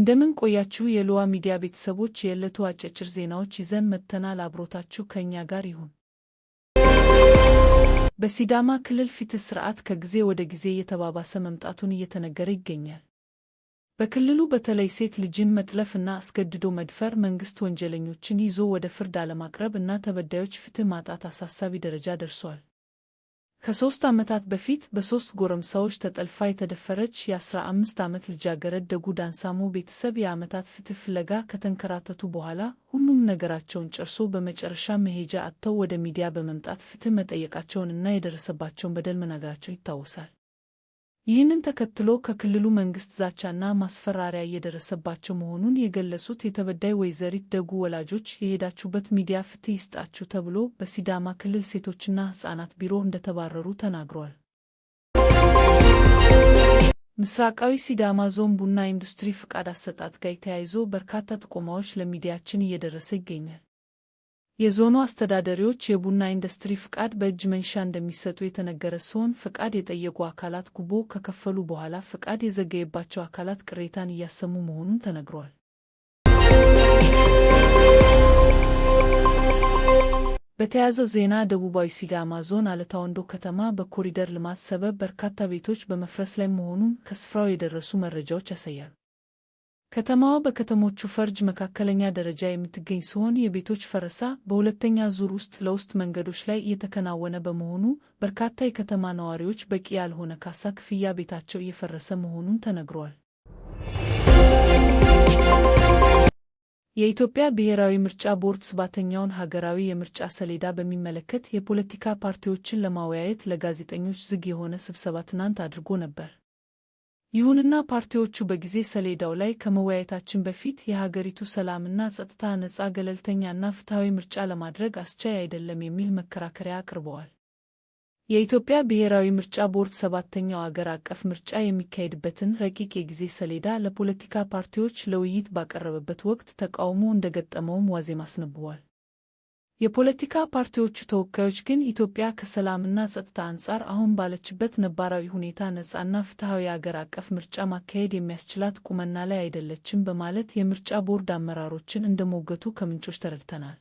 እንደምን ቆያችሁ የልዋ ሚዲያ ቤተሰቦች፣ የዕለቱ አጫጭር ዜናዎች ይዘን መጥተናል። አብሮታችሁ ከእኛ ጋር ይሁን። በሲዳማ ክልል ፍትህ ስርዓት ከጊዜ ወደ ጊዜ እየተባባሰ መምጣቱን እየተነገረ ይገኛል። በክልሉ በተለይ ሴት ልጅን መጥለፍ እና አስገድዶ መድፈር መንግስት ወንጀለኞችን ይዞ ወደ ፍርድ አለማቅረብ እና ተበዳዮች ፍትህ ማጣት አሳሳቢ ደረጃ ደርሷል። ከሦስት ዓመታት በፊት በሦስት ጎረምሳዎች ተጠልፋ የተደፈረች የአስራ አምስት ዓመት ልጃገረድ ደጉ ዳንሳሞ ቤተሰብ የዓመታት ፍትሕ ፍለጋ ከተንከራተቱ በኋላ ሁሉም ነገራቸውን ጨርሶ በመጨረሻ መሄጃ አጥተው ወደ ሚዲያ በመምጣት ፍትሕ መጠየቃቸውንና የደረሰባቸውን በደል መናገራቸው ይታወሳል። ይህንን ተከትሎ ከክልሉ መንግስት ዛቻና ማስፈራሪያ እየደረሰባቸው መሆኑን የገለጹት የተበዳይ ወይዘሪት ደጉ ወላጆች የሄዳችሁበት ሚዲያ ፍትህ ይስጣችሁ ተብሎ በሲዳማ ክልል ሴቶችና ህጻናት ቢሮ እንደተባረሩ ተናግሯል። ምስራቃዊ ሲዳማ ዞን ቡና ኢንዱስትሪ ፍቃድ አሰጣጥ ጋር ተያይዞ በርካታ ጥቆማዎች ለሚዲያችን እየደረሰ ይገኛል። የዞኑ አስተዳዳሪዎች የቡና ኢንዱስትሪ ፍቃድ በእጅ መንሻ እንደሚሰጡ የተነገረ ሲሆን ፍቃድ የጠየቁ አካላት ጉቦ ከከፈሉ በኋላ ፍቃድ የዘገየባቸው አካላት ቅሬታን እያሰሙ መሆኑን ተነግሯል። በተያዘ ዜና ደቡባዊ ሲዳማ ዞን አለታ ወንዶ ከተማ በኮሪደር ልማት ሰበብ በርካታ ቤቶች በመፍረስ ላይ መሆኑን ከስፍራው የደረሱ መረጃዎች ያሳያሉ። ከተማዋ በከተሞቹ ፈርጅ መካከለኛ ደረጃ የምትገኝ ሲሆን የቤቶች ፈረሳ በሁለተኛ ዙር ውስጥ ለውስጥ መንገዶች ላይ እየተከናወነ በመሆኑ በርካታ የከተማ ነዋሪዎች በቂ ያልሆነ ካሳ ክፍያ ቤታቸው እየፈረሰ መሆኑን ተነግሯል። የኢትዮጵያ ብሔራዊ ምርጫ ቦርድ ሰባተኛውን ሀገራዊ የምርጫ ሰሌዳ በሚመለከት የፖለቲካ ፓርቲዎችን ለማወያየት ለጋዜጠኞች ዝግ የሆነ ስብሰባ ትናንት አድርጎ ነበር። ይሁንና ፓርቲዎቹ በጊዜ ሰሌዳው ላይ ከመወያየታችን በፊት የሀገሪቱ ሰላምና ጸጥታ ነጻ፣ ገለልተኛና ፍትሐዊ ምርጫ ለማድረግ አስቻይ አይደለም የሚል መከራከሪያ አቅርበዋል። የኢትዮጵያ ብሔራዊ ምርጫ ቦርድ ሰባተኛው አገር አቀፍ ምርጫ የሚካሄድበትን ረቂቅ የጊዜ ሰሌዳ ለፖለቲካ ፓርቲዎች ለውይይት ባቀረበበት ወቅት ተቃውሞ እንደገጠመውም ዋዜማ አስነብቧል። የፖለቲካ ፓርቲዎቹ ተወካዮች ግን ኢትዮጵያ ከሰላምና ጸጥታ አንጻር አሁን ባለችበት ነባራዊ ሁኔታ ነጻና ፍትሐዊ አገር አቀፍ ምርጫ ማካሄድ የሚያስችላት ቁመና ላይ አይደለችም በማለት የምርጫ ቦርድ አመራሮችን እንደሞገቱ ከምንጮች ተረድተናል።